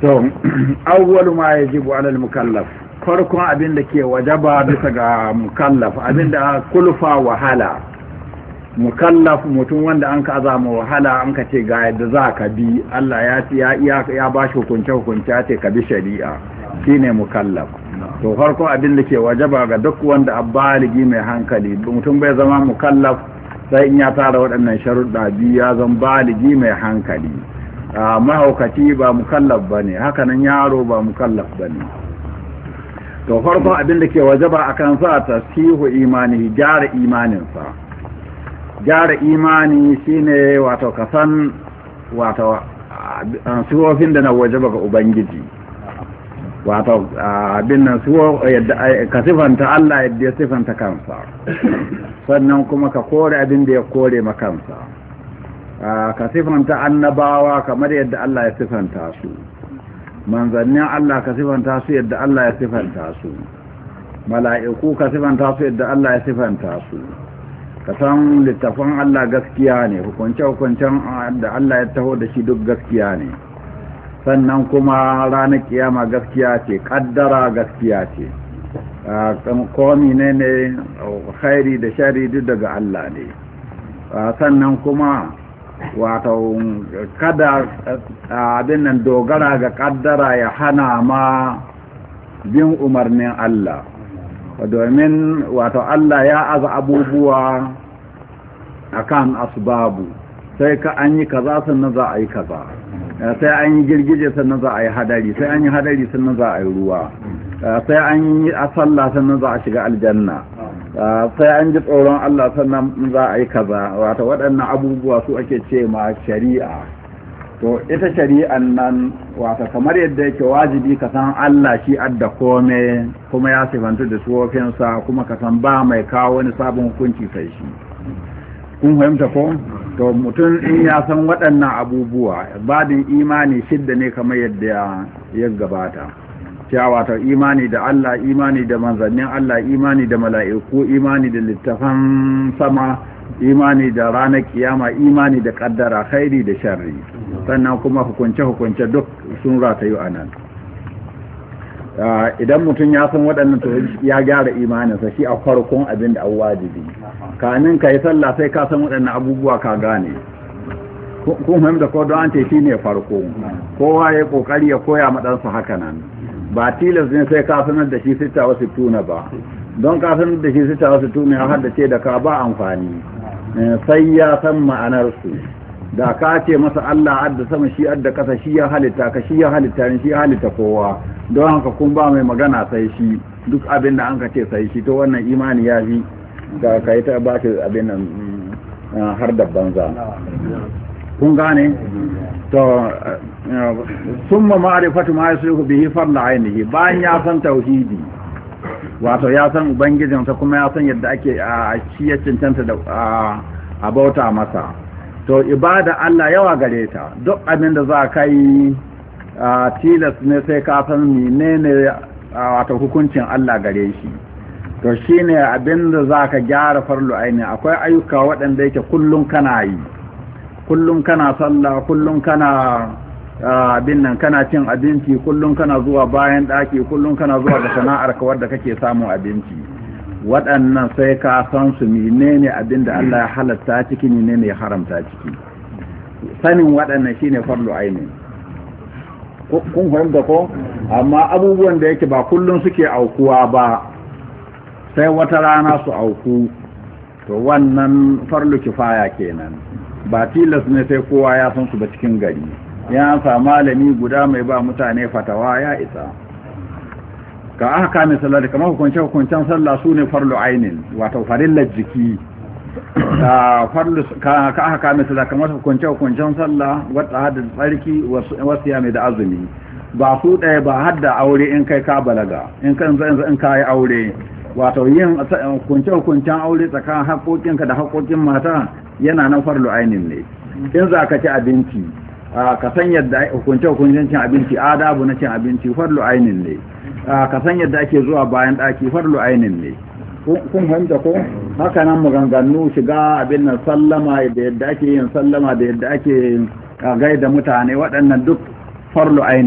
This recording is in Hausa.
to awwalu ma yajibu ala al-mukallaf farkon abin da ke wajaba bisa ga mukallaf abin da kulfa wahala mukallaf mutum wanda an ka azama wahala an ka ce ga yadda za ka bi Allah ya ya ya ba shi hukunce hukunce ya ce ka bi shari'a shine mukallaf to farkon abin da ke wajaba ga duk wanda abbaligi mai hankali mutum bai zama mukallaf sai in ya tara waɗannan sharuɗa biyu ya zama baligi mai hankali mahaukaci ba mukallaf ba ne hakanan yaro ba mukallaf ba ne to farko abin da ke ba a sa ta sihu imani gyara imaninsa gyara imani shine wato kasan wato suwofin da na waje ba ga ubangiji wato abin nan yadda ka sifanta Allah yadda ya sifanta kansa sannan kuma ka kore abin da ya kore makansa kansa ka sifanta annabawa kamar yadda Allah ya sifanta su manzannin Allah ka sifanta su yadda Allah ya sifanta su mala'iku ka sifanta su yadda Allah ya sifanta su ka san littafin Allah gaskiya ne hukunce-hukuncen da Allah ya taho da shi duk gaskiya ne sannan kuma ranar kiyama gaskiya ce kaddara gaskiya ce komi ne ne khairi da shari duk daga Allah ne sannan kuma wato kada eh, abin nan dogara ga kaddara ya hana ma bin umarnin Allah domin wato Allah ya aza abubuwa akan asbabu sai ka an yi kaza sannan za a yi kaza eh, sai an yi girgije sannan za a yi hadari sai an yi hadari sannan za a yi ruwa eh, sai an yi asalla sannan za a shiga aljanna Ah, sai an ji tsoron Allah sannan za a yi kaza wata waɗannan abubuwa su ake ce ma shari'a to ita shari'an nan wata kamar yadda yake wajibi ka san Allah shi adda kome kuma ya sifantu da tsofinsa kuma ka san ba mai kawo wani sabon hukunci sai shi kun fahimta ko to mutum in ya san waɗannan abubuwa babin imani shidda ne kamar yadda ya gabata cewa wato imani da Allah imani da manzannin Allah imani da mala'iku imani da littafan sama imani da ranar kiyama imani da kaddara khairi da sharri sannan kuma hukunce-hukunce duk sun ratayu a nan ah, idan mutum ya san waɗannan to ya gyara imaninsa shi a farkon abin da an wajibi kanin ka yi sallah sai ka san waɗannan abubuwa ka gane kun fahimta ko don an shi ne farko kowa ya kokari ya koya maɗansa haka nan ba tilas ne sai ka sanar da shi sita wasu tuna ba don ka sanar da shi sita wasu tuna ya ce da ka ba amfani eh, sai ya san ma'anarsu da ka ce masa Allah adda sama shi adda kasa shi ya halitta ka shi ya halitta ni shi ya halitta kowa don haka kun ba mai magana sai shi duk abin da an ka ce sai shi to wannan imani ya fi da ka yi ta ba abin nan mm, ah, har da banza kun gane to eh, eh, summa ma'rifatu ma yasluhu bihi farla ainihi bayan ya san tauhidi wato ya san ta kuma ya san yadda ake a shi cancanta da a bauta masa to ibada Allah yawa gare ta duk abin da za ka yi tilas ne sai ka san menene wato hukuncin Allah gare shi to shine abin da za ka gyara farlu aini akwai ayyuka waɗanda yake kullum kana yi kullum kana sallah kullum kana ah, abin nan kana cin abinci kullum kana zuwa bayan ɗaki kullum kana zuwa ga sana'ar ka wadda kake samun abinci waɗannan sai ka san su menene abin da Allah ya halatta ciki menene ya haramta ciki sanin waɗannan shine farlu aini kun fahimta ko amma abubuwan da yake ba kullum suke aukuwa ba sai wata rana su auku to wannan farlu kifaya kenan ba tilas ne sai kowa ya san su ba cikin gari ya sa malami guda mai ba mutane fatawa ya isa ka aka kame sallah da kamar hukunce hukuncen sallah su ne farlo ainin wato farillar jiki ka aka kame sallah kamar hukunce hukuncen sallah wata hada tsarki wasu yami da azumi ba su ɗaya ba hada aure in kai ka balaga in kan zai in kayi aure wato yin hukunce-hukuncen aure tsakanin haƙoƙinka da haƙoƙin mata yana nan farlo ainihin ne in za ka ci abinci ka san yadda hukunce-hukuncen cin abinci adabu na cin abinci farlo ainihin ne ka san yadda ake zuwa bayan ɗaki farlo ainihin ne kun hanta ko haka nan maganganu shiga abin nan sallama da yadda ake yin sallama da yadda ake gaida mutane waɗannan duk farlo ainin